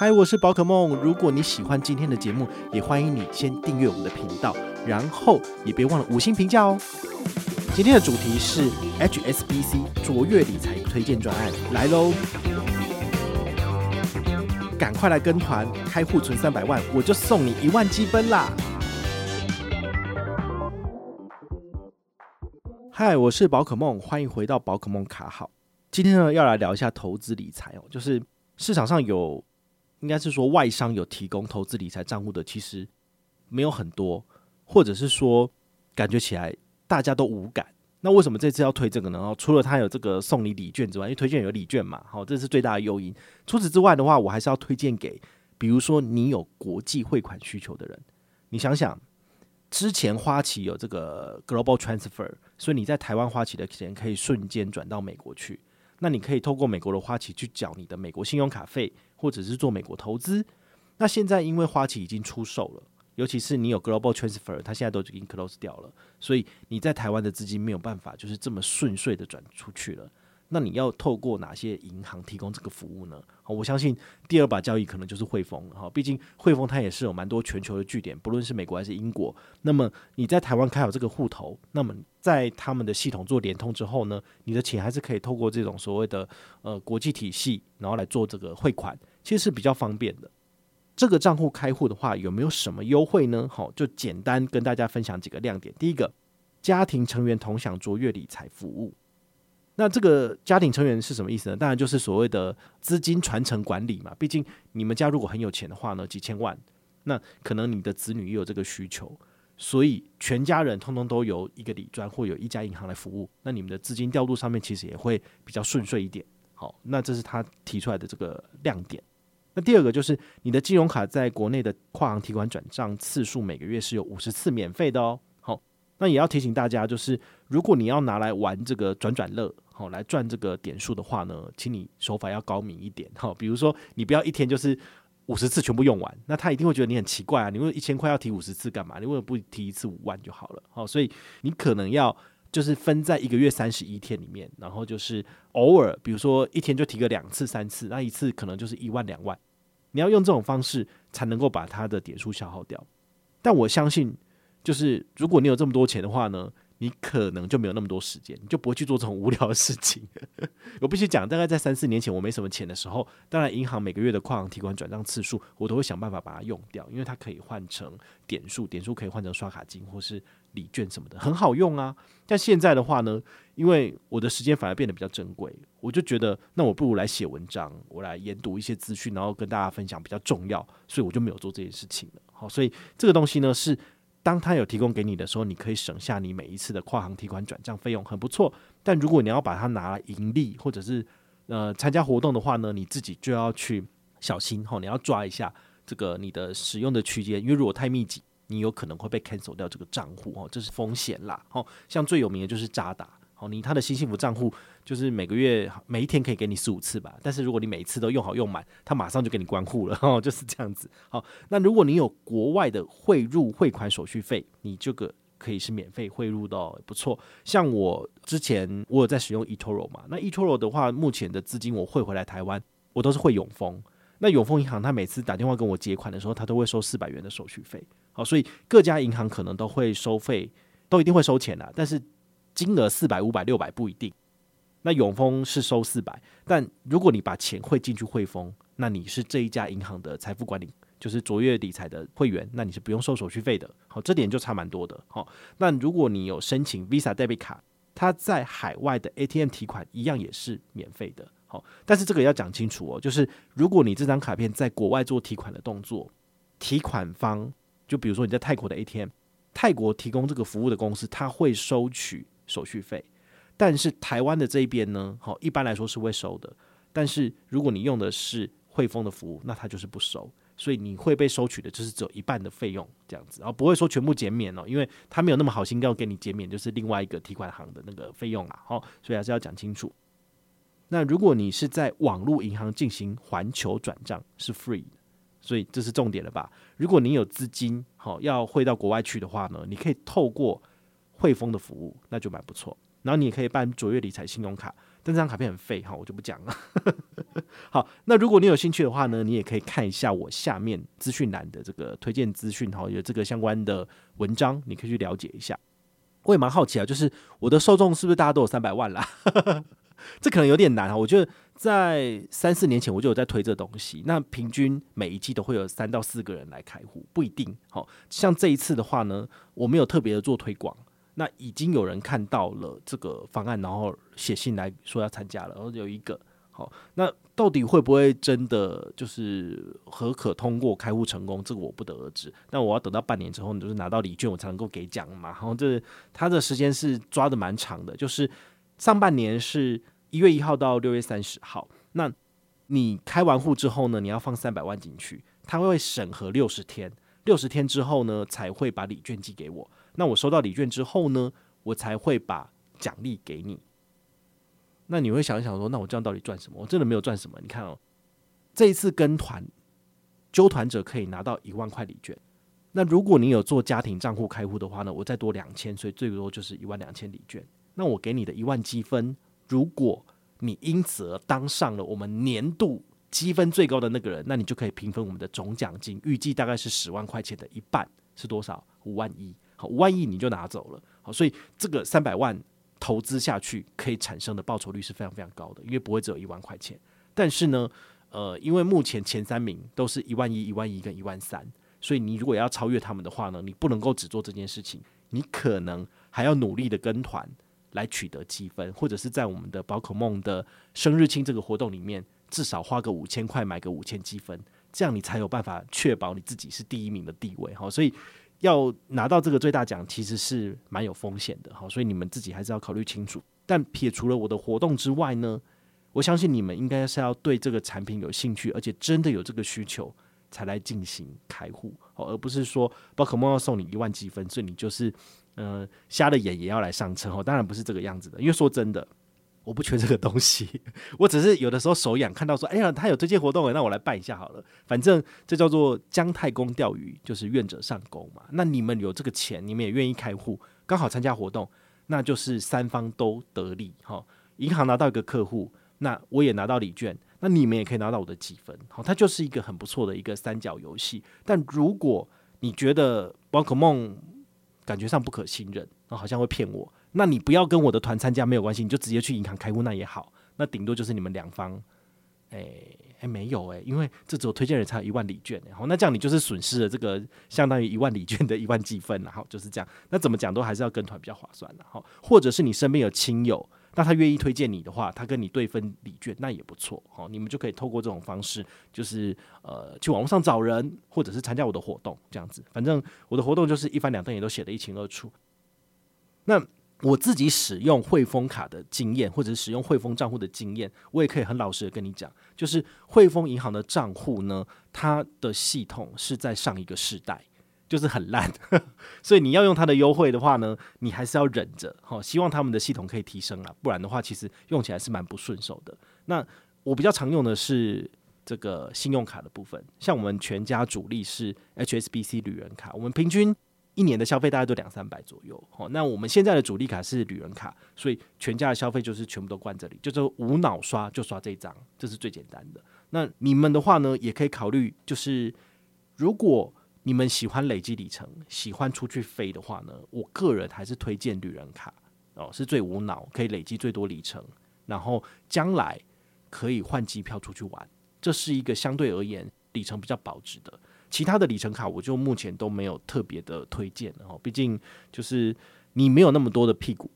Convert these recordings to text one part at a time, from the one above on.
嗨，Hi, 我是寶可孟。如果你喜歡今天的節目，也歡迎你先訂閱我們的頻道，然後也別忘了五星評價哦。今天的主題是 HSBC 卓越理財推薦專案，來嘍！趕快來跟團開戶存三百萬，我就送你一萬積分啦！嗨，我是寶可孟，歡迎回到寶可孟卡好。今天呢，要來聊一下投資理財哦，就是市場上有。應該是說，外商有提供投資理財賬戶的，其實沒有很多，或者是說，感覺起來大家都無感。那為什麼這次要推這個呢？然後除了他有這個送你禮券之外，因為推薦有禮券嘛，好，這是最大的誘因。除此之外的話，我還是要推薦給，比如說你有國際匯款需求的人，你想想，之前花旗有這個 Global Transfer，所以你在台灣花旗的錢可以瞬間轉到美國去。那你可以透過美國的花旗去繳你的美國信用卡費，或者是做美國投資。那現在因為花旗已經出售了，尤其是你有 Global Transfer，它現在都已經 close 掉了，所以你在台灣的資金沒有辦法就是這麼順遂的轉出去了。那你要透過哪些銀行提供這個服務呢？好，我相信第二把交易可能就是匯豐哈，畢竟匯豐它也是有蠻多全球的據點，不論是美國還是英國。那麼你在台灣開好這個戶頭，那麼在他們的系統做聯通之後呢，你的錢還是可以透過這種所謂的呃國際體系，然後來做這個匯款，其實是比較方便的。這個賬戶開戶的話，有沒有什麼優惠呢？好，就簡單跟大家分享幾個亮點。第一個，家庭成員同享卓越理財服務。那這個家庭成員是什麼意思呢？當然就是所謂的資金傳承管理嘛。畢竟你們家如果很有錢的話呢，幾千萬，那可能你的子女也有這個需求，所以全家人通通都由一個理專或有一家銀行來服務，那你們的資金調度上面其實也會比較順遂一點。好，好，那這是他提出來的這個亮點。那第二個就是你的金融卡在國內的跨行提款轉賬次數每個月是有五十次免費的哦。好，那也要提醒大家，就是如果你要拿來玩這個轉轉樂。哦，來賺這個點數的話呢，請你手法要高明一點。哈，比如說你不要一天就是五十次全部用完，那他一定會覺得你很奇怪啊！你為一千塊要提五十次幹嘛？你為什麼不提一次五萬就好了？哦，所以你可能要就是分在一個月三十一天裡面，然後就是偶爾，比如說一天就提個兩次、三次，那一次可能就是一萬、兩萬，你要用這種方式才能夠把它的點數消耗掉。但我相信，就是如果你有這麼多錢的話呢，你可能就沒有那麼多時間，你就不會去做這種無聊的事情。 我必須講，大概在三四年前，我沒什麼錢的時候，當然銀行每個月的跨行提款、轉賬次數，我都會想辦法把它用掉，因為它可以換成點數，點數可以換成刷卡金或是禮券什麼的，很好用啊。但現在的話呢，因為我的時間反而變得比較珍貴，我就覺得那我不如來寫文章，我來研讀一些資訊，然後跟大家分享比較重要，所以我就沒有做這件事情了。好，所以這個東西呢是。當他有提供給你的時候，你可以省下你每一次的跨行提款轉賬費用，很不錯。但如果你要把它拿來盈利，或者是呃參加活動的話呢，你自己就要去小心哦。你要抓一下這個你的使用的區間，因為如果太密集，你有可能會被 cancel 掉這個賬戶哦，這是風險啦。哦，像最有名的就是渣打。哦，你他的新幸福賬戶就是每個月每一天可以給你四五次吧，但是如果你每一次都用好用滿，他馬上就給你關戶了哦，就是這樣子。好，那如果你有國外的匯入匯款手續費，你這個可以是免費匯入的，不錯。像我之前我有在使用 eToro 嘛，那 eToro 的話，目前的資金我匯回來台灣，我都是匯永豐。那永豐銀行他每次打電話跟我結款的時候，他都會收四百元的手續費。好，所以各家銀行可能都會收費，都一定會收錢的，但是。金額四百、五百、六百不一定。那永豐是收四百，但如果你把錢匯進去匯豐，那你是這一家銀行的財富管理，就是卓越理財的會員，那你是不用收手續費的。好，這點就差蠻多的。好，那如果你有申請 Visa debit 卡，它在海外的 ATM 提款一樣也是免費的。好，但是這個要講清楚哦，就是如果你這張卡片在國外做提款的動作，提款方就比如說你在泰國的 ATM，泰國提供這個服務的公司，它會收取。手續費，但是台灣的這一邊呢，好，一般來說是會收的。但是如果你用的是匯豐的服務，那它就是不收，所以你會被收取的就是只有一半的費用這樣子，然後，不會說全部減免哦，因為它沒有那麼好心要給你減免，就是另外一個提款行的那個費用啊，好，所以還是要講清楚。那如果你是在網絡銀行進行環球轉賬是 free 的，所以這是重點了吧？如果你有資金好要匯到國外去的話呢，你可以透過。汇豐的服務那就蠻不錯，然後你也可以辦卓越理財信用卡，但這張卡片很廢哈，我就不講了。 好，那如果你有興趣的話呢，你也可以看一下我下面資訊欄的這個推薦資訊，哈，有這個相關的文章，你可以去了解一下。我也蠻好奇啊，就是我的受眾是不是大家都有三百萬啦？ 這可能有點難啊。我覺得在三四年前我就有在推這東西，那平均每一季都會有三到四個人來開戶，不一定。好像這一次的話呢，我沒有特別的做推廣。那已經有人看到了這個方案，然後寫信來說要參加了，然後有一個好，那到底會不會真的就是核可通過開戶成功？這個我不得而知。但我要等到半年之後，你就是拿到禮券，我才能夠給獎嘛。然後這他的時間是抓得蠻長的，就是上半年是一月一號到六月三十號。那你開完戶之後呢，你要放三百萬進去，他會審核六十天，六十天之後呢才會把禮券寄給我。那我收到禮券之後呢，我才會把獎勵給你。那你會想一想說，那我這樣到底賺什麼？我真的沒有賺什麼。你看哦，這一次跟團揪團者可以拿到一萬塊禮券。那如果你有做家庭賬戶開戶的話呢，我再多兩千，所以最多就是一萬兩千禮券。那我給你的一萬積分，如果你因此而當上了我們年度積分最高的那個人，那你就可以平分我們的總獎金，預計大概是十萬塊錢的一半，是多少？五萬一。五萬億你就拿走了，好，所以這個三百萬投資下去可以產生的報酬率是非常非常高的，因為不會只有一萬塊錢。但是呢，呃，因為目前前三名都是一萬一、一萬一跟一萬三，所以你如果要超越他們的話呢，你不能夠只做這件事情，你可能還要努力的跟團來取得積分，或者是在我們的寶可孟的生日慶這個活動裡面至少花個五千塊買個五千積分，這樣你才有辦法確保你自己是第一名的地位。好，所以。要拿到這個最大獎，其實是蠻有風險的，好，所以你們自己還是要考慮清楚。但撇除了我的活動之外呢，我相信你們應該是要對這個產品有興趣，而且真的有這個需求才來進行開戶，好，而不是說寶可孟要送你一萬積分，所以你就是，嗯、呃、瞎了眼也要來上車哦，當然不是這個樣子的，因為說真的。我不缺這個東西，我只是有的時候手癢，看到說，哎呀，他有這些活動，那我來辦一下好了。反正這叫做姜太公釣魚，就是願者上鈎嘛。那你們有這個錢，你們也願意開戶，剛好參加活動，那就是三方都得利。哈、哦，銀行拿到一個客戶，那我也拿到禮券，那你們也可以拿到我的積分。好、哦，它就是一個很不錯的一個三角遊戲。但如果你覺得寶可孟感覺上不可信任，哦、好像會騙我。那你不要跟我的團參加沒有關係，你就直接去銀行開戶那也好，那頂多就是你們兩方，誒、欸，哎、欸、沒有誒、欸，因為這只有推薦人才有一萬禮券、欸，然後那這樣你就是損失了這個相當於一萬禮券的一萬積分，然後就是這樣，那怎麼講都還是要跟團比較划算，然後或者是你身邊有親友，那他願意推薦你的話，他跟你對分禮券那也不錯，好，你們就可以透過這種方式，就是呃去網絡上找人，或者是參加我的活動，這樣子，反正我的活動就是一番兩段也都寫得一清二楚，那。我自己使用匯豐卡的經驗，或者使用匯豐賬戶的經驗，我也可以很老實的跟你講，就是匯豐銀行的賬戶呢，它的系統是在上一個世代，就是很爛， 所以你要用它的優惠的話呢，你還是要忍着。好，希望他們的系統可以提升啊，不然的話，其實用起來是蠻不順手的。那我比較常用的是這個信用卡的部分，像我們全家主力是 HSBC 旅人卡，我們平均。一年的消費大概都兩三百左右，哦，那我們現在的主力卡是旅人卡，所以全家的消費就是全部都灌這裡，就是無腦刷就刷這張，這是最簡單的。那你們的話呢，也可以考慮，就是如果你們喜歡累積里程、喜歡出去飛的話呢，我個人還是推薦旅人卡哦，是最無腦，可以累積最多里程，然後將來可以換機票出去玩，這是一個相對而言里程比較保值的。其他的里程卡，我就目前都沒有特別的推薦了哈。畢竟就是你沒有那麼多的屁股，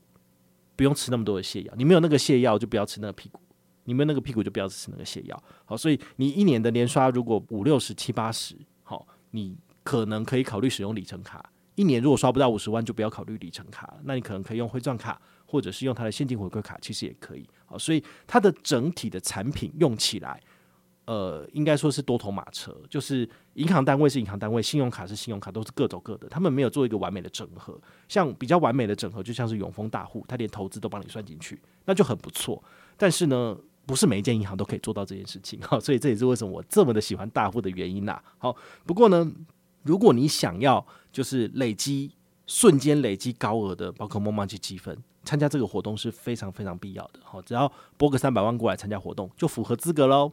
不用吃那麼多的瀉藥。你沒有那個瀉藥，就不要吃那個屁股；你沒有那個屁股，就不要吃那個瀉藥。好，所以你一年的年刷如果五六十七八十，好，你可能可以考慮使用里程卡。一年如果刷不到五十萬，就不要考慮里程卡。那你可能可以用匯鑽卡，或者是用它的現金回饋卡，其實也可以。好，所以它的整體的產品用起來。呃，應該說是多頭馬車，就是銀行單位是銀行單位，信用卡是信用卡，都是各走各的，他們沒有做一個完美的整合。像比較完美的整合，就像是永豐大戶，他連投資都幫你算進去，那就很不錯。但是呢，不是每一間銀行都可以做到這件事情、哦、所以這也是為什麼我這麼的喜歡大戶的原因啦、啊。好、哦，不過呢，如果你想要就是累積瞬間累積高額的，包括麻吉積分，參加這個活動是非常非常必要的。好、哦，只要撥個三百萬過來參加活動，就符合資格嘍。